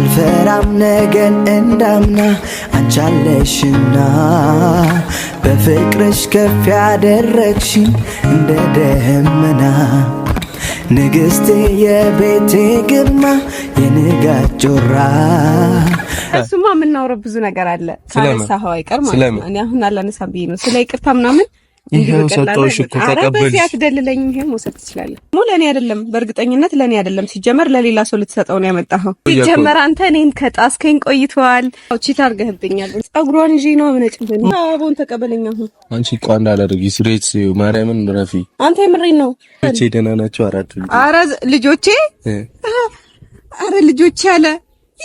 አልፈራም ነገን እንዳምና አንቻለሽና በፍቅርሽ ከፍ ያደረግሽኝ እንደ ደመና ንግሥቴ የቤቴ ግርማ የንጋት ጮራ። እሱማ የምናውረው ብዙ ነገር አለ ሳነሳኸው አይቀር ማለት ነው። እኔ አሁን አላነሳም ብዬ ነው ስለ ይቅርታ ምናምን ይሄው ሰጠሁሽ እኮ ተቀበልሽ። ያስደልለኝ ይሄን መውሰድ ትችላለህ። ሙ ለኔ አይደለም፣ በእርግጠኝነት ለኔ አይደለም። ሲጀመር ለሌላ ሰው ልትሰጠው ነው ያመጣኸው። ሲጀመር አንተ እኔን ከጣስከኝ ቆይተዋል። አውጪ ታርገህብኛል። ጸጉሯን ይዤ ነው አመነጭብኝ። አቦን ተቀበለኝ። አሁን አንቺ እኮ እንዳላደርጊ ስሬት ማርያምን ረፊ አንተ የምሬን ነው። ልጆቼ ደህና ናቸው። አራት ልጆቼ አረ ልጆቼ አለ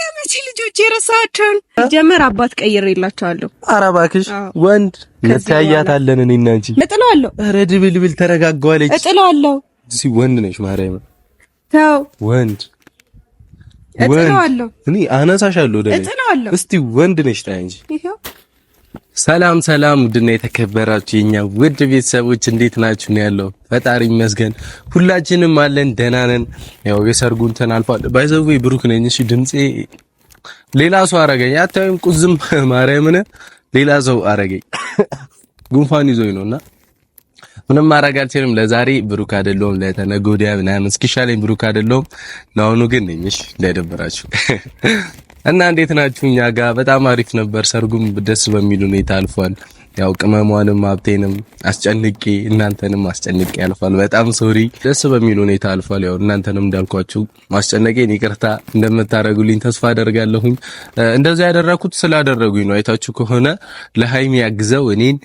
የመቼ ልጆች የረሳቸውን ጀመር አባት ቀይር የላቸዋለሁ። ኧረ እባክሽ ወንድ እንተያያታለን። እኔና አንቺ እጥለዋለሁ። ኧረ ድብልብል ተረጋጋዋለች። እጥለዋለሁ። እስኪ ወንድ ነሽ ማርያም፣ ተው ወንድ እጥለዋለሁ። እኔ አነሳሻለሁ። እስቲ ወንድ ነሽ ታይ እንጂ ይሄው ሰላም ሰላም፣ ውድና የተከበራችሁ የኛ ውድ ቤተሰቦች እንዴት ናችሁ? ነው ያለው። ፈጣሪ ይመስገን ሁላችንም አለን፣ ደህና ነን። ያው የሰርጉን እንትን አልፏል። ወይ ብሩክ ነኝ። እሺ ድምጼ ሌላ ሰው አረገኝ። አታዩም? ቁዝም ማርያምን ሌላ ሰው አረገኝ። ጉንፋን ይዞኝ ነውና ምንም ማድረግ አልችልም። ለዛሬ ብሩክ አይደለሁም፣ ለተነገ ወዲያ ምናምን እስኪሻለኝ ብሩክ አይደለሁም። ለአሁኑ ግን ነኝ። እሺ እንዳይደብራችሁ እና እንዴት ናችሁ? እኛ ጋር በጣም አሪፍ ነበር። ሰርጉም ደስ በሚል ሁኔታ አልፏል። ያው ቅመሟንም ሀብቴንም አስጨንቄ እናንተንም አስጨንቄ ያልፏል። በጣም ሶሪ፣ ደስ በሚል ሁኔታ አልፏል። ያው እናንተንም እንዳልኳችሁ ማስጨነቄን ይቅርታ እንደምታደርጉልኝ ተስፋ አደርጋለሁኝ። እንደዛ ያደረኩት ስላደረጉኝ ነው። አይታችሁ ከሆነ ለሀይሚ ያግዘው እኔን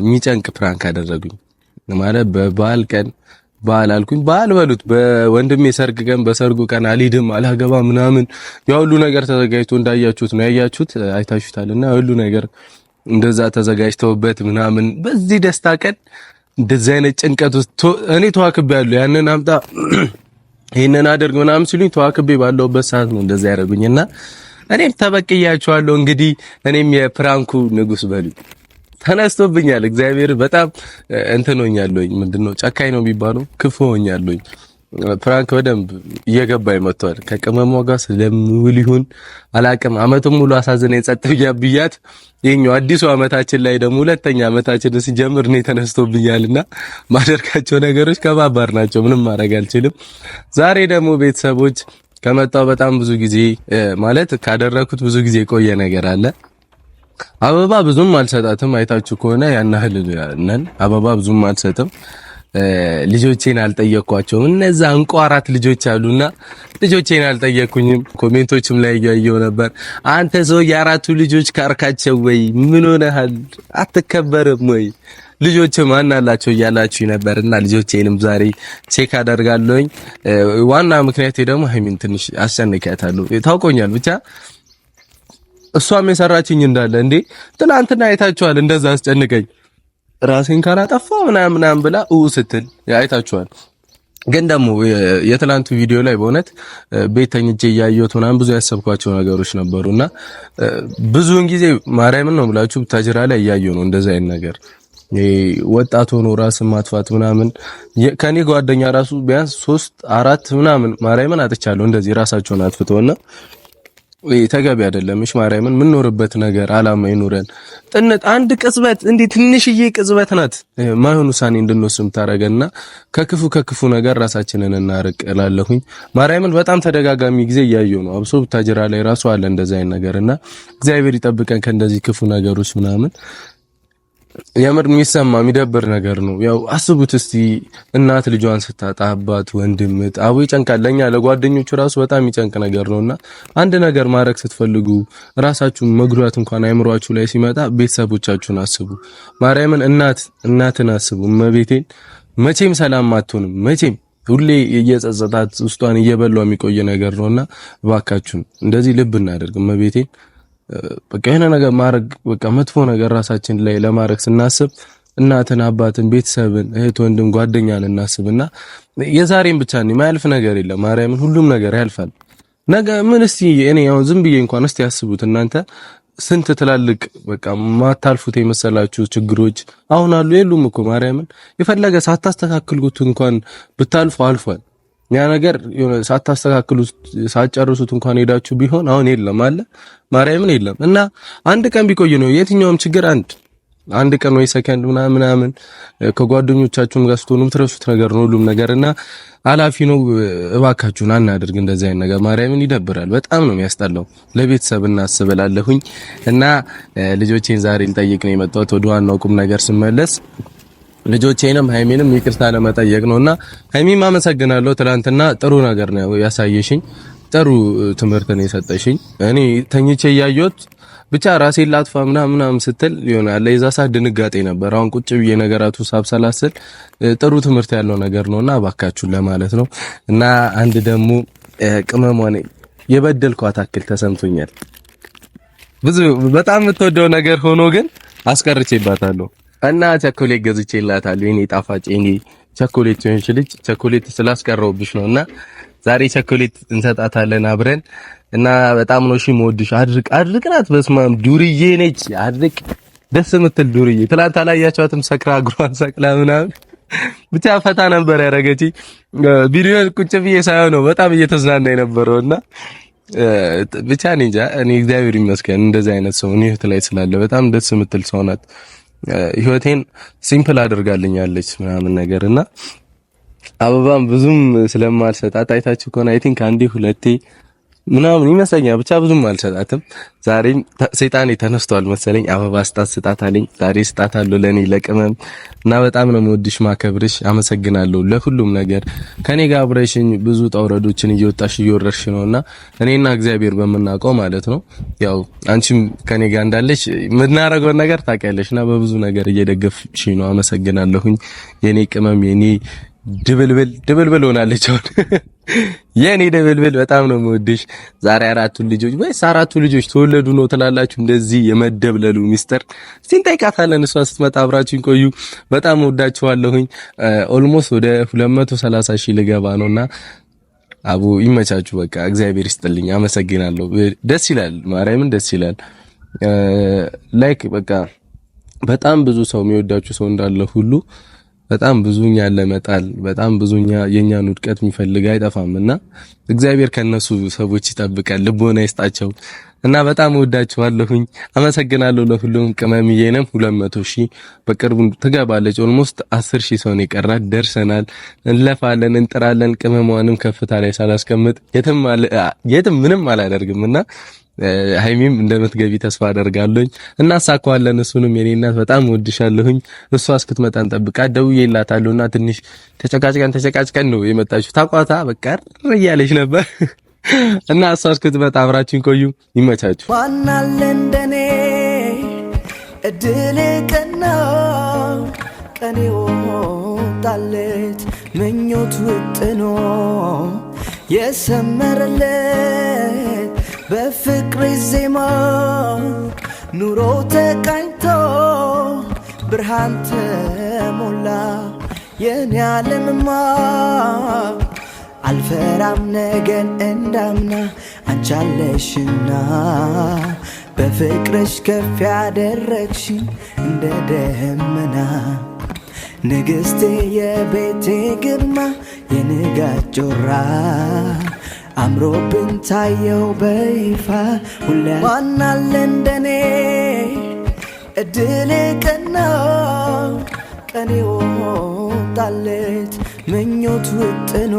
የሚጨንቅ ፕራንክ አደረጉኝ ማለት በበዓል ቀን ባል አልኩኝ። ባል በሉት በወንድሜ ሰርግ ቀን በሰርጉ ቀን አልሄድም አላገባ ምናምን ያ ሁሉ ነገር ተዘጋጅቶ እንዳያችሁት ነው ያያችሁት፣ አይታችሁታልና ሁሉ ነገር እንደዛ ተዘጋጅተውበት ምናምን በዚህ ደስታ ቀን እንደዚህ አይነት ጭንቀት ውስጥ እኔ ተዋክቤያለሁ። ያንን አምጣ ይሄንን አድርግ ምናምን ሲሉኝ ተዋክቤ ባለሁበት ሰዓት ነው እንደዛ ያደረጉኝና እኔም ተበቅያችኋለሁ እንግዲህ እኔም የፕራንኩ ንጉስ በሉኝ። ተነስቶብኛል። እግዚአብሔር በጣም እንትን ሆኛለሁኝ። ምንድነው ጨካኝ ነው የሚባለው? ክፉ ሆኛለሁኝ። ፍራንክ በደንብ እየገባኝ መጥቷል። ከቅመሟ ጋር ስለምውል ይሁን አላቅም። አመቱን ሙሉ አሳዝነ የጸጥብኛ ብያት ይኸኛው አዲሱ አመታችን ላይ ደግሞ ሁለተኛ አመታችን ሲጀምር እኔ ተነስቶብኛልና ማደርጋቸው ነገሮች ከባባር ናቸው። ምንም ማድረግ አልችልም። ዛሬ ደግሞ ቤተሰቦች ከመጣው በጣም ብዙ ጊዜ ማለት ካደረኩት ብዙ ጊዜ የቆየ ነገር አለ አበባ ብዙም አልሰጣትም። አይታችሁ ከሆነ ያን ያህል ነን። አበባ ብዙም አልሰጥም። ልጆቼን አልጠየቅኳቸውም። እነዛ እንቁ አራት ልጆች አሉና ልጆቼን አልጠየቅኩኝም። ኮሜንቶችም ላይ እያየሁ ነበር። አንተ ሰው የአራቱ ልጆች ካርካቸው ወይ ምን ሆነሃል? አትከበርም ወይ ልጆች ማን አላቸው እያላችሁ ነበርና ልጆቼንም ዛሬ ቼክ አደርጋለሁኝ። ዋና ምክንያቴ ደግሞ ሀይሚን ትንሽ አስጨንቂያታለሁ። ታውቆኛል ብቻ እሷም የሰራችኝ እንዳለ እንዴ ትናንትና አይታችኋል። እንደዛ አስጨንቀኝ ራሴን ካላጠፋ ምናምን ምናምን ብላ ኡ ስትል አይታችኋል። ግን ደግሞ የትላንቱ ቪዲዮ ላይ በእውነት ቤት ተኝቼ እያየሁት ምናምን ብዙ ያሰብኳቸው ነገሮች ነበሩ እና ብዙውን ጊዜ ማርያምን ነው ብላችሁ ብታጅራ ላይ እያየሁ ነው እንደዛ አይነት ነገር ወጣት ሆኖ ራስን ማጥፋት ምናምን ከኔ ጓደኛ ራሱ ቢያንስ ሶስት አራት ምናምን ማርያምን አጥቻለሁ እንደዚህ ራሳቸውን አጥፍተውና ተገቢ አይደለም። እሽ ማርያምን የምንኖርበት ነገር አላማ ይኑረን። ጥንት አንድ ቅጽበት እንዲህ ትንሽዬ ቅጽበት ናት ማይሆን ውሳኔ እንድንወስም ታረገና ከክፉ ከክፉ ነገር ራሳችንን እናርቅ እላለሁኝ። ማርያምን በጣም ተደጋጋሚ ጊዜ እያየሁ ነው። አብሶ ብታጅራ ላይ ራሱ አለ እንደዛ አይነት ነገርና እግዚአብሔር ይጠብቀን ከእንደዚህ ክፉ ነገሮች ምናምን የምር የሚሰማ የሚደብር ነገር ነው። ያው አስቡት እስቲ እናት ልጇን ስታጣ፣ አባት፣ ወንድም አቡ ይጨንቃል። ለኛ ለጓደኞቹ ራሱ በጣም ይጨንቅ ነገር ነውና አንድ ነገር ማድረግ ስትፈልጉ ራሳችሁ መጉዳት እንኳን አይምሯችሁ ላይ ሲመጣ ቤተሰቦቻችሁን አስቡ። ማርያምን እናት እናትን አስቡ። እመቤቴን መቼም ሰላም አትሆንም። መቼም ሁሌ እየጸጸታት ውስጧን እየበላው የሚቆይ ነገር ነውና እባካችሁን እንደዚህ ልብ እናደርግ እመቤቴን በቃ የሆነ ነገር ማድረግ በቃ መጥፎ ነገር ራሳችን ላይ ለማድረግ ስናስብ እናትን፣ አባትን፣ ቤተሰብን፣ እህት፣ ወንድም፣ ጓደኛን እናስብና የዛሬን ብቻ ነው የማያልፍ ነገር የለም። ማርያምን ሁሉም ነገር ያልፋል። ነገ ምን እስቲ እኔ ያው ዝም ብዬ እንኳን እስቲ ያስቡት እናንተ ስንት ትላልቅ በቃ ማታልፉት የመሰላችሁ ችግሮች አሁን አሉ የሉም እኮ ማርያምን የፈለገ ሳታስተካክሉት እንኳን ብታልፉ አልፏል። ያ ነገር የሆነ ሳታስተካክሉት ሳትጨርሱት እንኳን ሄዳችሁ ቢሆን አሁን የለም አለ ማርያምን የለም። እና አንድ ቀን ቢቆይ ነው የትኛውም ችግር አንድ አንድ ቀን ወይ ሰከንድ ምናምን ምናምን ከጓደኞቻችሁም ጋር ስትሆኑ የምትረሱት ነገር ነው ሁሉም ነገር እና አላፊ ነው። እባካችሁን አናደርግ እንደዚህ አይነት ነገር ማርያምን፣ ይደብራል። በጣም ነው የሚያስጠላው። ለቤተሰብ እናስብ እላለሁኝ እና ልጆቼን ዛሬ ልጠይቅ ነው የመጣሁት። ወደ ዋናው ቁም ነገር ስመለስ ልጆቼንም ሀይሜንም ይቅርታ ለመጠየቅ እና ሀይሜም አመሰግናለሁ። ትላንትና ጥሩ ነገር ነው ያሳየሽኝ፣ ጥሩ ትምህርት ነው የሰጠሽኝ። እኔ ተኝቼ እያየሁት ብቻ ራሴን ላጥፋ ምናምን ምናምን ስትል ይሆናል የዛ ሰዓት ድንጋጤ ነበር። አሁን ቁጭ ብዬ ነገራቱ ሳብሰላስል ጥሩ ትምህርት ያለው ነገር እና እባካችሁን ለማለት ነው። እና አንድ ደግሞ ቅመሟን የበደልኳት አክል ተሰምቶኛል። ብዙ በጣም የምትወደው ነገር ሆኖ ግን አስቀርቼባታለሁ። እና ቸኮሌት ገዝቼላታለሁ። የኔ ጣፋጭ የኔ ቸኮሌት ሆንሽ ልጅ ቸኮሌት ስላስቀረውብሽ ነው። እና ዛሬ ቸኮሌት እንሰጣታለን አብረን እና በጣም ነው እሺ። የምወድሽ አድርቅ አድርቅናት። ናት። በስማም ዱርዬ ነች። አድርቅ ደስ የምትል ዱርዬ። ትላንት አላያቸዋትም? ሰክራ እግሯን ሰቅላ ምናምን ብቻ ፈታ ነበር ያደረገች። ቪዲዮ ቁጭ ብዬ ሳይሆን ነው በጣም እየተዝናና የነበረው እና ብቻ እኔ እንጃ እኔ እግዚአብሔር ይመስገን እንደዚህ አይነት ሰው እኔ እህት ላይ ስላለ በጣም ደስ የምትል ሰው ናት። ህይወቴን ሲምፕል አድርጋልኛለች ምናምን ነገር እና አበባም ብዙም ስለማልሰጣት አይታችሁ ከሆነ አይ ቲንክ አንዴ ሁለቴ ምናምን ይመስለኛል። ብቻ ብዙም አልሰጣትም። ዛሬም ሰይጣኔ ተነስቷል መሰለኝ። አበባ ስጣት ስጣት አለኝ። ዛሬ ስጣት አለው ለኔ ለቅመም እና በጣም ነው የምወድሽ፣ ማከብርሽ። አመሰግናለሁ ለሁሉም ነገር። ከኔ ጋር አብረሽኝ ብዙ ውጣ እየወጣሽ እየወረርሽ ነውና እኔና እግዚአብሔር በምናውቀው ማለት ነው። ያው አንቺም ከኔ ጋር እንዳለሽ የምናረገውን ነገር ታውቂያለሽና በብዙ ነገር እየደገፍሽ ነው። አመሰግናለሁኝ የኔ ቅመም የኔ ድብልብል ድብልብል ሆናለች። አሁን የኔ ድብልብል በጣም ነው የምወድሽ። ዛሬ አራቱን ልጆች ወይስ አራቱ ልጆች ተወለዱ ነው ትላላችሁ? እንደዚህ የመደብለሉ ሚስጥር እስቲ እንጠይቃታለን። እሷ ስትመጣ አብራችሁኝ ቆዩ። በጣም ወዳችኋለሁኝ። ኦልሞስት ወደ 230 ሺህ ልገባ ነውና አቡ ይመቻችሁ። በቃ እግዚአብሔር ይስጥልኝ። አመሰግናለሁ። ደስ ይላል፣ ማርያምን ደስ ይላል። ላይክ በቃ በጣም ብዙ ሰው የሚወዳችሁ ሰው እንዳለ ሁሉ በጣም ብዙኛ ለመጣል በጣም ብዙኛ የኛን ውድቀት የሚፈልግ አይጠፋም እና እግዚአብሔር ከነሱ ሰዎች ይጠብቃል፣ ልቦና ይስጣቸው እና በጣም እወዳችኋለሁኝ። አመሰግናለሁ ለሁሉም። ቅመምዬንም 200 ሺህ በቅርቡ ትገባለች። ኦልሞስት 10 ሺህ ሰው ነው የቀራት። ደርሰናል፣ እንለፋለን፣ እንጥራለን። ቅመሟንም ከፍታ ላይ ሳላስቀምጥ የትም ምንም አላደርግም እና ሀይሚም እንደምትገቢ ተስፋ አደርጋለሁኝ። እናሳካዋለን። እሱንም የኔ እናት በጣም ወድሻለሁኝ። እሷ እስክትመጣ እንጠብቃት። ደውዬላታለሁና ትንሽ ተጨቃጭቀን ተጨቃጭቀን ነው የመጣችሁ። ታቋታ በቃ እያለች ነበር እና እሷ እስክትመጣ አብራችን ቆዩ። ይመቻችሁ። ዋናለ እንደኔ እድል ቀናው ቀኔ ወጣለት ምኞት ውጥኖ የሰመረለት በፍቅር ዜማ ኑሮ ተቃኝቶ ብርሃን ተሞላ የኔ ዓለምማ አልፈራም ነገን እንዳምና አንቻለሽና በፍቅርሽ ከፍ ያደረግሽኝ እንደ ደመና ንግሥቴ የቤቴ ግርማ የንጋት ጮራ አምሮብን ታየው በይፋ ሁላ ዋናለ እንደኔ እድል ቀናው ቀኔ ወጣለት ምኞት ውጥኖ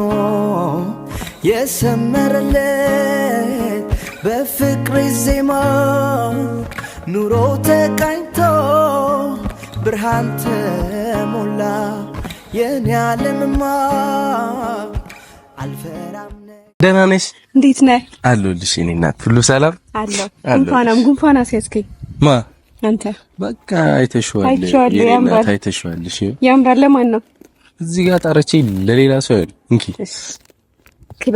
የሰመረለት በፍቅር ዜማ ኑሮ ተቃኝቶ ብርሃን ተሞላ የኔ ዓለምማ አልፈራም ደህና ነሽ? እንዴት ነህ? አለሁልሽ የእኔ እናት፣ ሁሉ ሰላም አለሁ። ጉንፋናም ጉንፋን አስያዝከኝ። ማ አንተ በቃ አይተሽዋል፣ አይተሽዋል። እሺ ያምራል። ለማን ነው እዚህ ጋር ጣረቼ? ለሌላ ሰው አይደል? እንኪ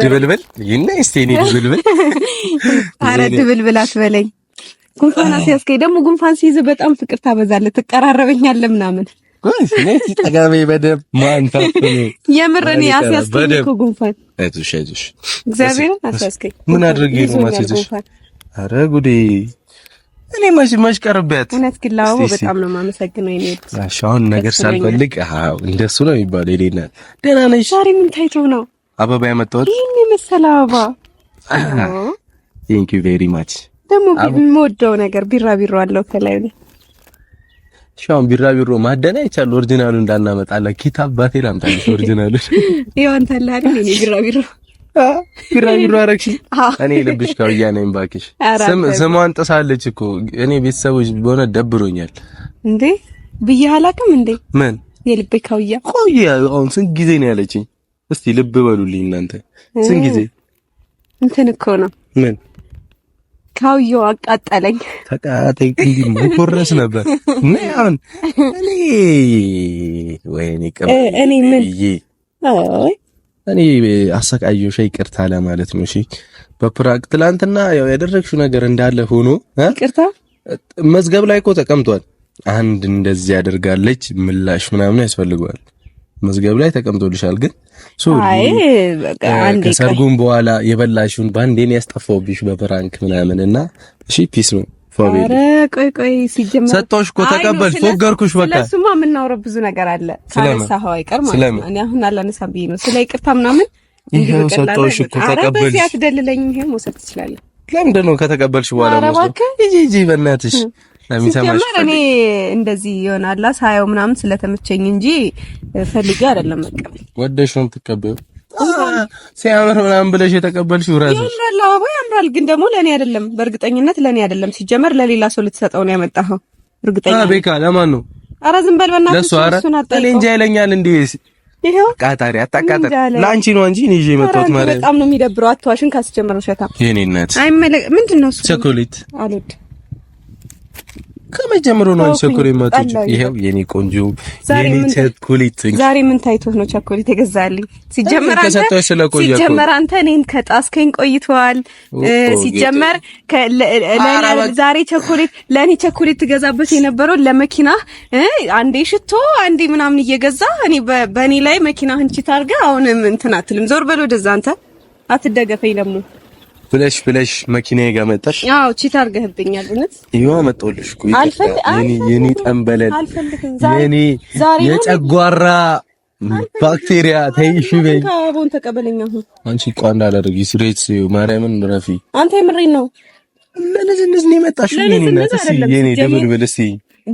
ድብልብል ይና እስቲ እኔ ድብልብል። አረ ድብልብል አትበለኝ። ጉንፋን አስያዝከኝ ደግሞ። ጉንፋን ሲይዝ በጣም ፍቅር ታበዛለህ፣ ትቀራረበኛለህ ምናምን ጠገቤ በደብ ማንታ እኮ ጉንፋን። አይዞሽ አይዞሽ፣ እግዚአብሔርን ምን አድርጌ ነው ማስያዝሽ? ኧረ ጉዴ! እኔ መች መች እውነት ግን ለአበባው በጣም ነው የማመሰግነው። እሺ፣ አሁን ነገር ሳልፈልግ አዎ፣ እንደሱ ነው የሚባለው። ደህና ነሽ? ዛሬ ምን ታይቶ ነው አበባ ያመጣሁት? የመሰለ አበባ። ቴንክ ዩ ቬሪ ማች። ደግሞ የምወደው ነገር ቢራቢሮ አለው ከላይ ነው ሻውን ቢራቢሮ ማደና ይቻል ኦሪጂናሉ እንዳናመጣላ ኪታብ አባቴ ላምጣልሽ ኦሪጂናሉ ይሁን ተላሪ ነው ቢራቢሮ ቢራቢሮ አረክሽ እኔ ልብሽ ጋር ነኝ ባክሽ ስም ስሟን ጥሳለች እኮ እኔ ቤተሰቦች በሆነ ደብሮኛል እንዴ ብዬ አላውቅም እንዴ ምን የልቤ ካውያ ቆይ አሁን ስንት ጊዜ ነው ያለችኝ እስቲ ልብ በሉልኝ እናንተ ስንት ጊዜ እንትን እኮ ነው ምን ካውየው አቃጠለኝ። ተቃጠይ መኮረስ ነበር። ምን አሁን እኔ ወይኔ ቀብ እኔ ምን አይ እኔ አሰቃየሁሽ ይቅርታ ለማለት ነው። እሺ በፕራክ ትላንትና ያው ያደረግሽው ነገር እንዳለ ሆኖ ይቅርታ መዝገብ ላይ እኮ ተቀምጧል። አንድ እንደዚህ ያደርጋለች ምላሽ ምናምን ያስፈልገዋል። መዝገብ ላይ ተቀምጦልሻል። ግን ከሰርጉም በኋላ የበላሽውን ባንዴን ያስጠፋውብሽ በፕራንክ ምናምን እና እሺ ፒስ ነው። ኧረ ቆይ እኮ ተቀበል፣ ፎገርኩሽ። በቃ ስለሱማ የምናወራው ብዙ ነገር አለ። ካነሳኸው አይቀር ማለት ነው። አሁን አላነሳም ብዬ ነው። ስለ ይቅርታ ምናምን ይሄው ሰጠሁሽ እኮ ተቀበል። ሲያስደልለኝ ይሄ መውሰድ ትችላለህ። ለምንድን ነው ከተቀበልሽ በኋላ ነው? እባክህ ሂጂ ሂጂ፣ በእናትሽ ሲጀመር እኔ እንደዚህ ይሆናላ ሳየው ምናምን ስለተመቸኝ እንጂ ፈልጌ አይደለም መቀበል። ወደሽ ነው የምትቀበይው። ሲያምር ምናምን ብለሽ የተቀበልሽ ውራዝ ይላል። አዎ ያምራል፣ ግን ደግሞ ለኔ አይደለም። በእርግጠኝነት ለኔ አይደለም። ሲጀመር ለሌላ ሰው ልትሰጠው ነው ያመጣኸው። እርግጠኛ ቤካ ለማን ነው? ኧረ ዝም በል በእናትህ። እሱን አጣይ እንጂ ይለኛል እንዴ ይሄው ቃጣሪ አታቃጥል። ላንቺ ነው እንጂ እኔ ይዤ መጣሁት ማለት በጣም ነው የሚደብረው። አትዋሽን ካስጀመረው ሸታ የኔነት አይመለ ምንድነው እሱ ቸኮሌት አልወድም ከመጀመሩ ነው ቸኮሌት የማትወጪው? ይሄው የኔ ቆንጆ የኔ ቸኮሌት። ዛሬ ምን ታይቶት ነው ቸኮሌት የገዛልኝ? ሲጀመር አንተ ሲጀመር አንተ እኔን ከጣስከኝ ቆይቷል። ሲጀመር ዛሬ ቸኮሌት ለኔ ቸኮሌት ትገዛበት የነበረው ለመኪና አንዴ ሽቶ አንዴ ምናምን እየገዛ እኔ በኔ ላይ መኪና ቺት አድርገህ አሁን እንትን አትልም። ዞር በል ወደዛ አንተ አትደገፈኝ ለምን ብለሽ ብለሽ መኪናዬ ጋር መጣሽ። አዎ ቺት አድርገህብኛል። እውነት ይኸው መጣሁልሽ እኮ የኔ ጠንበለል የኔ የጨጓራ ባክቴሪያ ተይሽ በይ። አቦን ተቀበለኝ። አሁን አንቺ እኮ እንዳላደርግ ስሬት ማርያምን ረፊ አንተ የምሬን ነው። ምን ለነዝነዝ ነው የመጣሽ የኔ ድብልብል። እስኪ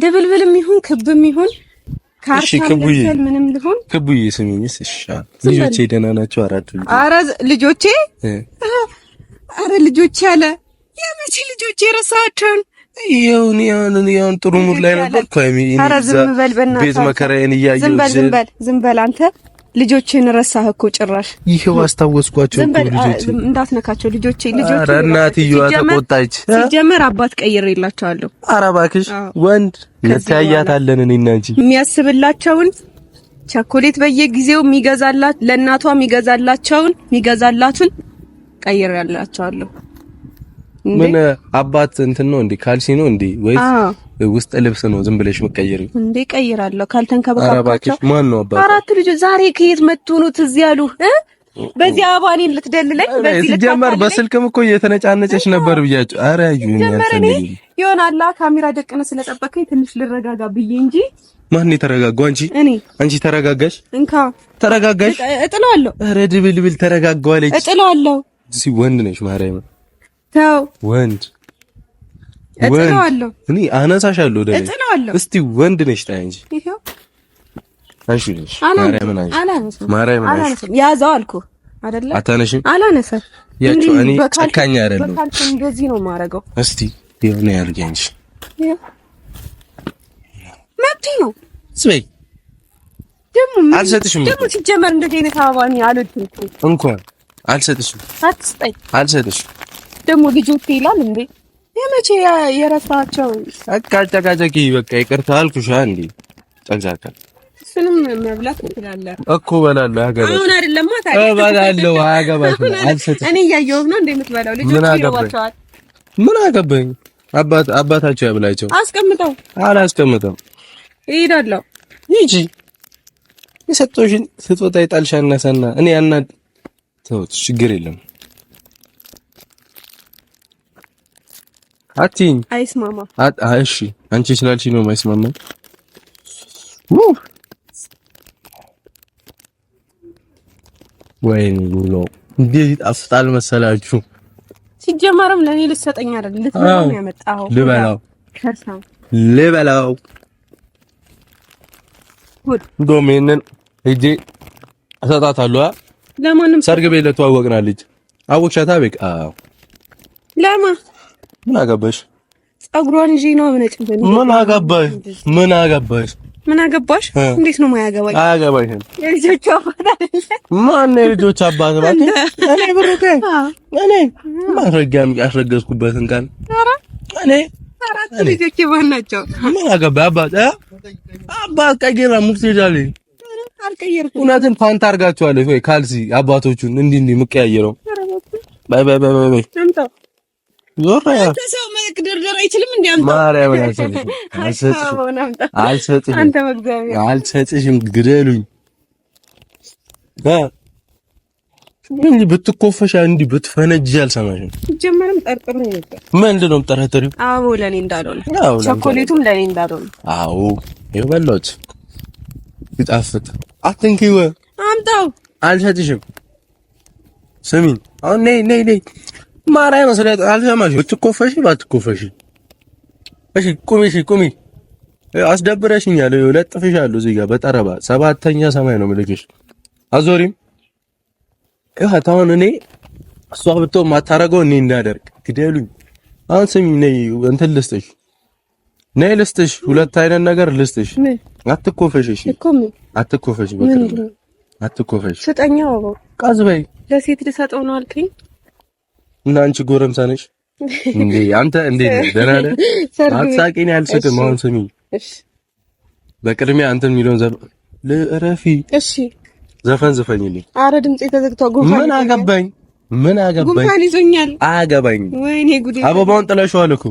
ድብልብል ይሁን ክብ የሚሆን እሺ ክቡዬ ክቡዬ ስሚኝ። እሺ ልጆቼ ደህና ናቸው? አራቱ ልጆቼ አረ ልጆች አለ የመቼ ልጆች የረሳቸውን ይሁን ይሁን ይሁን ጥሩ ሙድ ላይ ነበር። ከሚ ቤት መከራዬን እያየሁ ዝም በል ዝም በል ዝም በል አንተ ልጆችን ረሳህ እኮ ጭራሽ። ይሄው አስታወስኳቸው እኮ ልጆች እንዳትነካቸው። ልጆቼ ልጆቼ እናትየዋ ተቆጣች። ሲጀመር አባት ቀይሬላቸዋለሁ። ኧረ እባክሽ ወንድ እንተያያታለን። እኔ እና አንቺ የሚያስብላቸውን ቸኮሌት በየጊዜው የሚገዛላት ለእናቷ የሚገዛላቸውን የሚገዛላቱን ቀይር ያላቸዋለሁ። ምን አባት እንትን ነው እንዴ? ካልሲ ነው እንዴ? ወይስ ውስጥ ልብስ ነው? ዝም ብለሽ መቀየሪው እንዴ? ቀይራለሁ። ካልተንከባከባቸው ማን ነው አባት? አራት ልጆች ዛሬ ከየት መጥቶ ነው ትዝ ያሉ? በዚህ አባኔ ልትደልለኝ በዚህ ልትጀመር በስልክም እኮ እየተነጫነጨች ነበር ብያቸው። አረ ያዩኝ ይሆናላ ካሜራ ደቅነ ስለጠበቀኝ ትንሽ ልረጋጋ ብዬ እንጂ ማን ነው የተረጋጋው? አንቺ እኔ አንቺ ተረጋጋሽ? እንካ ተረጋጋሽ። እጥላለሁ። አረ ድብልብል ተረጋጋዋለች። እጥላለሁ እዚህ ወንድ ነሽ ማርያም፣ ተው ወንድ እጥለዋለሁ እኔ አነሳሻለሁ። ወደ እጥለዋለሁ። እስቲ ወንድ ነሽ ታይ እንጂ ያዘው አልኩህ አይደለ? አታነሺም? አላነሳም። ያቸው እኔ ጨካኝ አይደለም። እንደዚህ ነው የማደርገው። እስቲ የሆነ ያድርጊያ እንጂ ነው። ስበይ ደግሞ አልሰጥሽም። ደግሞ ሲጀመር እንደዚህ አይነት አበባ እኔ አልወድም እንኳን አልሰጥሽም። አትስጠኝ። አልሰጥሽም። ደግሞ ልጆቼ ይላል እንዴ? የመቼ የረሳቸው? አቃጫቃጨቂ በቃ ይቅርታ አልኩሽ። እሱንም መብላት ትችላለህ እኮ በላለሁ። ምን አገባኝ? አባት አባታቸው ያብላቸው። አስቀምጠው አላስቀምጠው እሄዳለሁ። ሂጂ ስጦታ እኔ ተውት፣ ችግር የለም። አትይኝ፣ አይስማማ። እሺ፣ አንቺ ስላልሽ ነው የማይስማማኝ። ወይኔ ጉሎ እንዴት ይጣፍጣል መሰላችሁ። ሲጀመርም ለኔ ልሰጠኝ አይደል? ልትበላው ነው ያመጣኸው። ልበላው ልበላው። እንደውም ይሄንን ሂጅ እሰጣታለሁ። ለማንም ሰርግ ቤት ለተዋወቅና ልጅ አወቅሻታ? ቤቅ አዎ። ለማ ምን አገባሽ? ጸጉሯን ይዤ ነው የምነጭብህ። ምን አገባሽ? ምን አገባሽ? ምን አገባሽ? እንዴት ነው የማያገባኝ? አያገባሽም። የልጆቹ አባት ማን ነው የልጆቹ አባት? እኔ ብሩክ፣ እኔ ማስረጊያም ያስረገዝኩበትን ቀን እኔ አራት ልጆቼ ማን ናቸው? ምን አገባኝ? አባት አባት ቀይራ ሙክሲ ዳልኝ አልቀየርኩም። እውነትም ፋንታ አድርጋችኋለች ወይ ካልሲ አባቶቹን እንዲህ እንዲህ የምቀያየረው ባይ ባይ ባይ ባይ ዞር ሰው አይችልም። አልሰጥሽም፣ ግደሉኝ። እንዲህ ብትኮፈሻ እንዲህ ብትፈነጅ አልሰማሽም። ጀመረም ጠርጥሬ ነበር። ምንድን ነው የምጠረጥሪው? አዎ ለኔ እንዳልሆነ ቸኮሌቱም ለኔ እንዳልሆነ። አዎ ይበሎት ይጣፍጥ አትንኪው። አምጣው። አልሰጥሽም። ስሚኝ፣ አሁን ነይ ነይ ነይ። ማርያም መስለጥ አልሰማሽም። ብትኮፈሽ ባትኮፈሽ፣ እሺ ቁሚ፣ እሺ ቁሚ። አስደብረሽኛል። ለጥፍሻለሁ እዚህ ጋር በጠረባ ሰባተኛ ሰማይ ነው ምልክሽ። አዞሪም ይኸው አሁን እኔ እሷ ብትሆን ማታረገው እኔ እንዳደርግ ግደሉኝ። አሁን ስሚኝ፣ ነይ እንትን ልስጥሽ፣ ነይ ልስጥሽ፣ ሁለት አይነት ነገር ልስጥሽ። አትኮፈሽ፣ እሺ አትኮፈሽ፣ በቅርብ አትኮፈሽ። ስጠኛው ቃዝ በይ። ለሴት ልሰጠው ነው አልከኝ እና አንቺ ጎረምሳ ነሽ እንዴ? አንተ እንዴ ደህና ነህ? አትሳቂኝ። አልሰጥም። አሁን ስሚ፣ በቅድሚያ አንተ የሚለውን ለረፊ እሺ፣ ዘፈን ዝፈኝልኝ። አረ ድምጽ ተዘግቷ። ጉንፋን። ምን አገባኝ? ምን አገባኝ? ጉንፋን ይዞኛል። አገባኝ። ወይኔ ጉዴ! አበባውን ጥለሽዋል እኮ።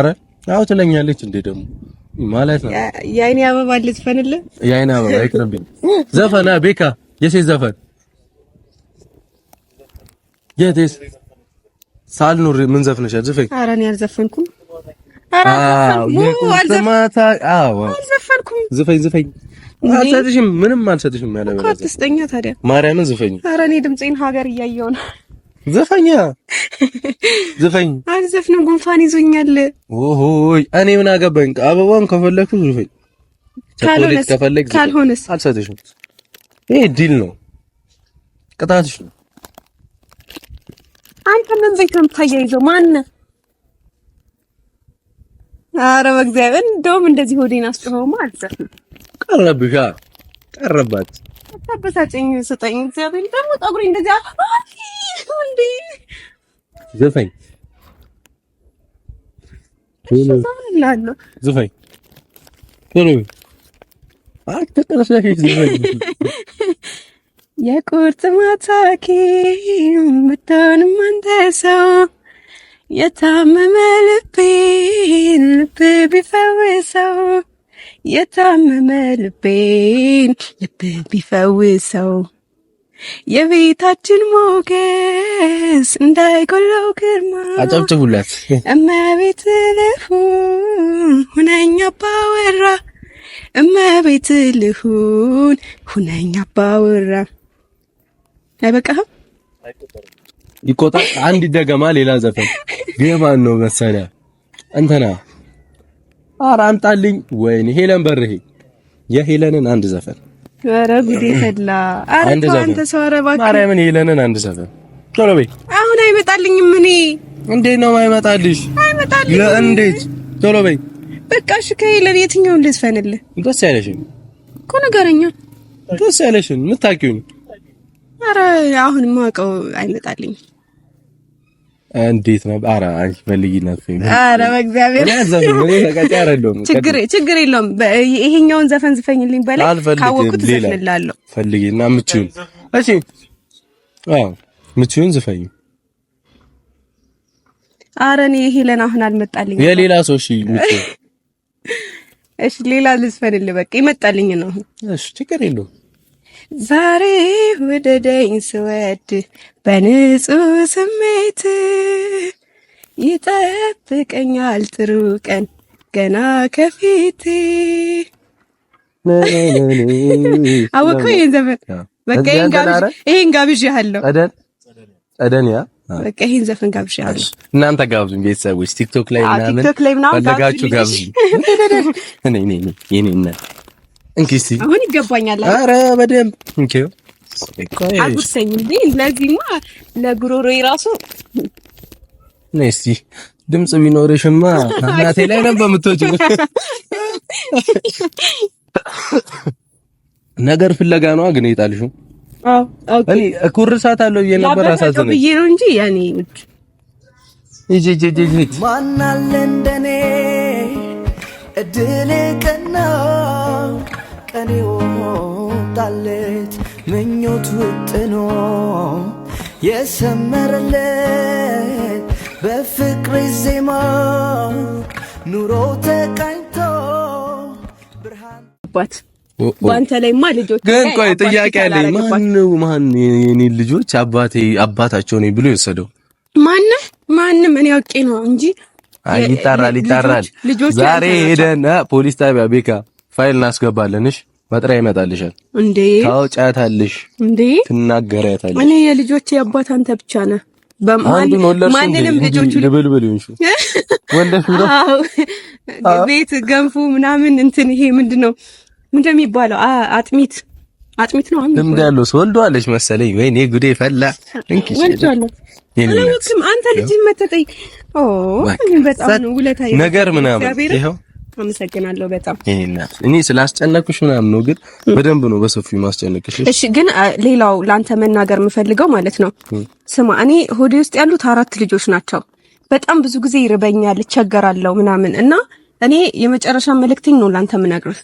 አረ አዎ ትለኛለች እንዴ ደግሞ ማለት ነው። የአይኔ አበባ ልትፈንልህ? የአይኔ አበባ አይቀርብኝ። ዘፈና ቤካ የሴት ዘፈን የቴስ ሳልኑር ምን ዘፍነሻል? ዘፈኝ። ኧረ እኔ አልዘፈንኩም። ኧረ አልዘፈንኩም። ዘፈኝ ዘፈኝ። አልሰጥሽም፣ ምንም አልሰጥሽም። ያለ በለዚያ አትስጠኛ ታዲያ። ማርያምን ዘፈኝ። ኧረ እኔ ድምጼን ሀገር እያየሁ ነው ዘፈኛ ዘፈኝ አልዘፍንም፣ ጉንፋን ይዞኛል። ኦሆይ እኔ ምን አገባኝ? አበባም ከፈለኩ ዘፈኝ፣ ካልሆነስ ካልሆነስ አልሰጥሽም። ይሄ ዲል ነው፣ ቅጣትሽ ነው። አንተ ምን ቤት ነው የምታያይዘው? ማነህ? ኧረ በእግዚአብሔር እንደውም እንደዚህ ሆዴን አስጥመውማ አልዘፍንም። ቀረብሻ፣ ቀረባት። አታበሳጭኝ፣ ስጠኝ። እግዚአብሔር ደግሞ ጠጉሬ እንደዚህ እንዴ ዘፈኝ ዘፈኝ የቁርጥ ማታ ሐኪም ብትሆንም አንተ ሰው የታመመ ልቤን ልብ ቢፈውሰው የታመመ ልቤን ልብ ቢፈውሰው የቤታችን ሞገስ እንዳይጎለው ግርማ አጨብጭቡላት። እመቤት ልሁን ሁነኛ አባወራ፣ እመቤት ልሁን ሁነኛ አባወራ። አይበቃህም? ይቆጣ አንድ ደገማ ሌላ ዘፈን ማን ነው መሰለ እንትና አራንጣልኝ። አምጣልኝ። ወይኔ ሄለን በርሄ የሄለንን አንድ ዘፈን ኧረ ጉዴ ፈላ። አንድ ዘፈን ቶሎ በይ። አሁን አይመጣልኝም። እኔ እንዴት ነው አይመጣልሽ? አይመጣልኝም። ቶሎ በይ። በቃ እሺ፣ ከሄለን የትኛውን ልዝፈንልህ? ደስ ያለሽን እኮ ንገረኛ። ደስ ያለሽን የምታውቂውን። ኧረ አሁን አይመጣልኝም እንዴት ነው? አረ አንቺ ፈልጊነት ነው። ኧረ በእግዚአብሔር ችግር የለውም። ይሄኛውን ዘፈን ዝፈኝልኝ በላይ ካወቁት ዘፈንላለሁ። ፈልጊና ምቹን፣ እሺ፣ አዎ ምቹን ዝፈኝ። አረ እኔ ይሄ ለና አሁን አልመጣልኝ። የሌላ ሰው እሺ፣ ምቹ፣ እሺ፣ ሌላ ልዝፈንልህ። በቃ ይመጣልኝ ነው። እሺ፣ ችግር የለውም። ዛሬ ውደደኝ ስወድ በንጹህ ስሜት ይጠብቀኛል ጥሩ ቀን ገና ከፊት። አወቀው ይህን ዘፈን በቃ ይህን ጋብዥ ያለው ጸደን ያ በቃ ይህን ዘፈን ጋብዥ ያለው እናንተ ጋብዙኝ ቤተሰቦች ቲክቶክ ላይ ምናምን ቲክቶክ ላይ ምናምን ፈለጋችሁ ጋብዙኝ። እኔ እኔ እኔ የኔ እናት እንኪ እስቲ አሁን ይገባኛል። አረ በደምብ እንኪ አጉሰኝ እንዴ! ለዚህማ ለጉሮሮዬ ራሱ ነይ እስቲ ድምጽ ቢኖርሽማ እናቴ ላይ ነው የምትወጪው። ነገር ፍለጋ ነዋ ግን ይጣልሽው። አዎ ኦኬ። እኔ ኩርሳት አለው ብዬሽ ነበር አሳዘነኝ ብዬሽ ነው እንጂ ያኔ ሂጂ ሂጂ ሂጂ ማን አለ እንደኔ እድል ቀናው ቀኔው ወጣለት ምኞት ውጥኖ የሰመረለት በፍቅር ዜማ ኑሮ ተቃኝቶ ብርሃን አባት በአንተ ማ ልጆች ግን ቆይ ጥያቄ አለኝ። ማን ማን የኔ ልጆች አባቴ አባታቸው ነኝ ብሎ የወሰደው ማን ማንም? እኔ አውቄ ነው እንጂ ይጣራል ይጣራል። ዛሬ ሄደን ፖሊስ ጣቢያ ቤካ ፋይል እናስገባለንሽ። መጥሪያ ይመጣልሻል እንዴ? ታውጫታልሽ እንዴ? ትናገሪያታለሽ። እኔ የልጆቼ አባት አንተ ብቻ ነህ። ቤት ገንፎ ምናምን እንትን ይሄ ምንድነው ምንድነው የሚባለው? አጥሚት አጥሚት ነው። አንተ ልምድ ያለው ሰው ወልደዋለች መሰለኝ። ወይኔ ጉዴ ፈላ። እንኪ አንተ ልጅ መተጠይ ኦ በጣም ነው ውለታ ነገር ምናምን ይሄው አመሰግናለሁ በጣም እኔ ስላስጨነቅኩሽ ምናምን ነው፣ ግን በደንብ ነው በሰፊው ማስጨነቅሽ። እሺ፣ ግን ሌላው ለአንተ መናገር የምፈልገው ማለት ነው፣ ስማ፣ እኔ ሆዴ ውስጥ ያሉት አራት ልጆች ናቸው። በጣም ብዙ ጊዜ ይርበኛል፣ እቸገራለሁ ምናምን እና እኔ የመጨረሻ መልእክቴን ነው ለአንተ የምነግርህ።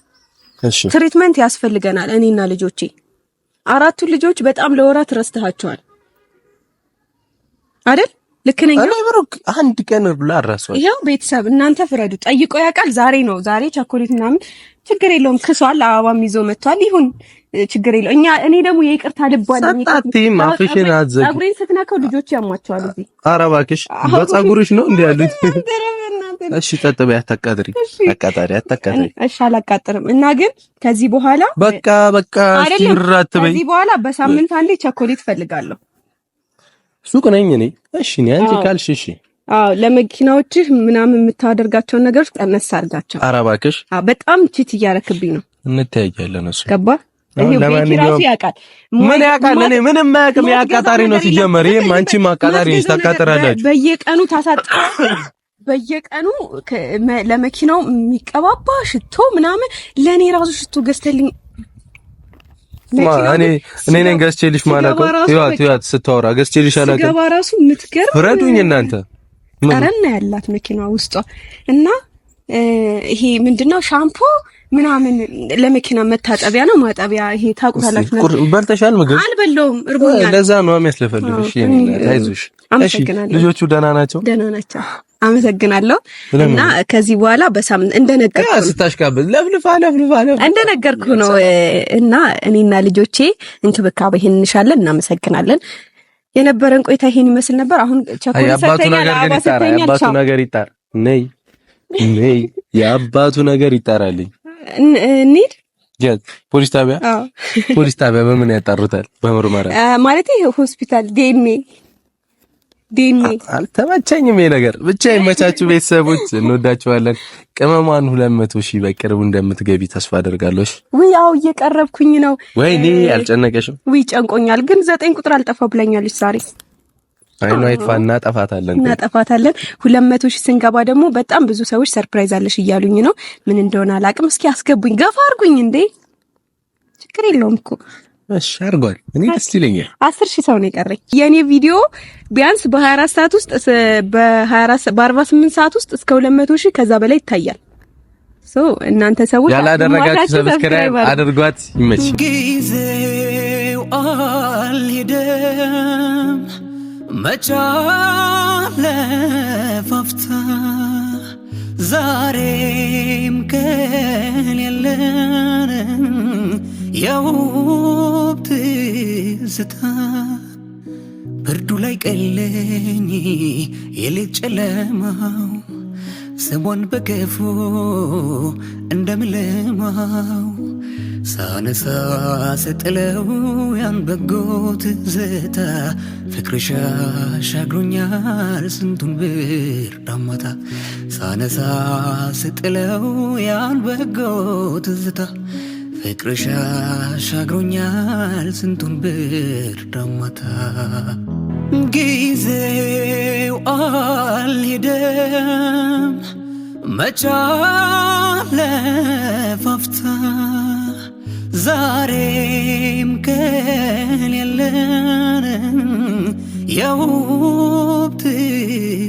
እሺ፣ ትሪትመንት ያስፈልገናል እኔና ልጆቼ። አራቱ ልጆች በጣም ለወራት ረስተሃቸዋል አይደል? ልክ ነኝ። ብሩክ አንድ ቀን ብሎ አራሷል። ይሄው ቤተሰብ እናንተ ፍረዱ። ጠይቆ ያውቃል። ዛሬ ነው ዛሬ ቸኮሌት ምናምን ችግር የለውም። ክሷል። አበባም ይዞ መጥቷል። ይሁን ችግር የለው። እኛ እኔ ደግሞ የይቅርታ ልቧል። አፍሽን አዘጊ። ጸጉሬን ስትነካው ልጆች ያሟቸዋል። እዚህ ኧረ እባክሽ በጸጉርሽ ነው እንዲ ያሉት። እሺ ጠጥበ ያታቃጥሪ አቃጣሪ አታቃጥሪ። እሺ አላቃጥርም። እና ግን ከዚህ በኋላ በቃ በቃ ሲራት ከዚህ በኋላ በሳምንት አንዴ ቸኮሌት ፈልጋለሁ ሱቅ ነኝ እኔ። እሺ እኔ አንቺ ካልሽ እሺ። አዎ ለመኪናዎችህ ምናምን የምታደርጋቸውን ነገሮች ቀነስ አድርጋቸው። ኧረ እባክሽ። አዎ በጣም ቺት እያረክብኝ ነው። እንተያያለን። እሱ ገባ። ምን ያውቃል? እኔ ምንም አያውቅም። የአቃጣሪ ነው ሲጀመር። ይሄም አንቺም አቃጣሪ ነሽ፣ ታቃጥራለች። በየቀኑ ታሳጣ በየቀኑ ለመኪናው የሚቀባባ ሽቶ ምናምን ለእኔ ራሱ ሽቶ ገዝተልኝ እኔ እኔ ነኝ ገዝቼልሽ ማላውቀው። ይዋት ይኸዋት ስታወራ ገዝቼልሽ አላውቅም። ስገባ ራሱ የምትገርም ፍረዱኝ እናንተ ጠረን ያላት መኪና ውስጧ እና ይሄ ምንድነው ሻምፖ ምናምን ለመኪና መታጠቢያ ነው ማጠቢያ። ይሄ ታውቁታላችሁ። በልተሻል? ምግብ አልበለውም እርቦኛል። ለዛ ነው የሚያስለፈልግሽ። አይዞሽ። እሺ ልጆቹ ደህና ናቸው? ደህና ናቸው። አመሰግናለሁ እና ከዚህ በኋላ በሳምንት እንደነገርኩ ስታሽካብል ለፍልፋ ለፍልፋ እንደነገርኩ ነው እና እኔና ልጆቼ እንክብካቤ ይሄን እንሻለን። እናመሰግናለን። የነበረን ቆይታ ይሄን ይመስል ነበር። አሁን ቸኮል የአባቱ ነገር ይጣር ነይ ነይ የአባቱ ነገር ይጣራልኝ እንሂድ ፖሊስ ጣቢያ ፖሊስ ጣቢያ በምን ያጣሩታል? በምርመራ ማለት ሆስፒታል ዴኔ አልተመቸኝም ይሄ ነገር። ብቻ የመቻችሁ ቤተሰቦች እንወዳችኋለን። ቅመሟን ሁለት መቶ ሺህ በቅርቡ እንደምትገቢ ተስፋ አደርጋለሁ። ውይ አዎ እየቀረብኩኝ ነው። ወይኔ አልጨነቀሽም? ውይ ጨንቆኛል፣ ግን ዘጠኝ ቁጥር አልጠፋ ብለኛለች ዛሬ። አይኗ ይጥፋ፣ እናጠፋታለን፣ እናጠፋታለን። ሁለት መቶ ሺህ ስንገባ ደግሞ በጣም ብዙ ሰዎች ሰርፕራይዝ አለሽ እያሉኝ ነው። ምን እንደሆነ አላቅም። እስኪ አስገቡኝ፣ ገፋ አድርጉኝ እንዴ። ችግር የለውም እኮ እሺ አድርጓል። እኔ ደስ ይለኛል። አስር ሺህ ሰው ነው የቀረኝ። የእኔ ቪዲዮ ቢያንስ በ24 ሰዓት ውስጥ በ48 ሰዓት ውስጥ እስከ 200 ሺህ ከዛ በላይ ይታያል። ሶ እናንተ ሰዎች ያላደረጋችሁ ሰብስክራይብ አድርጓት። ይመች ጊዜው አልሄደም መቻለ ፋፍታ ዛሬም የውብ ትዝታ ብርዱ ላይ ቀለኝ የሌት ጨለማው ስሟን በገፎ እንደምለማው ሳነሳ ስጥለው ያን በጎ ትዝታ ፍቅርሻ ሻግሮኛል ስንቱን ብርድ ሳነሳ ስጥለው ያን በጎ ትዝታ ፍቅርሽ አሻግሮኛል ስንቱን ብርድ አሟታል። ጊዜው አልሄደም መቻለፋፍታ ዛሬም ቀን የለን የውብ ትዝታ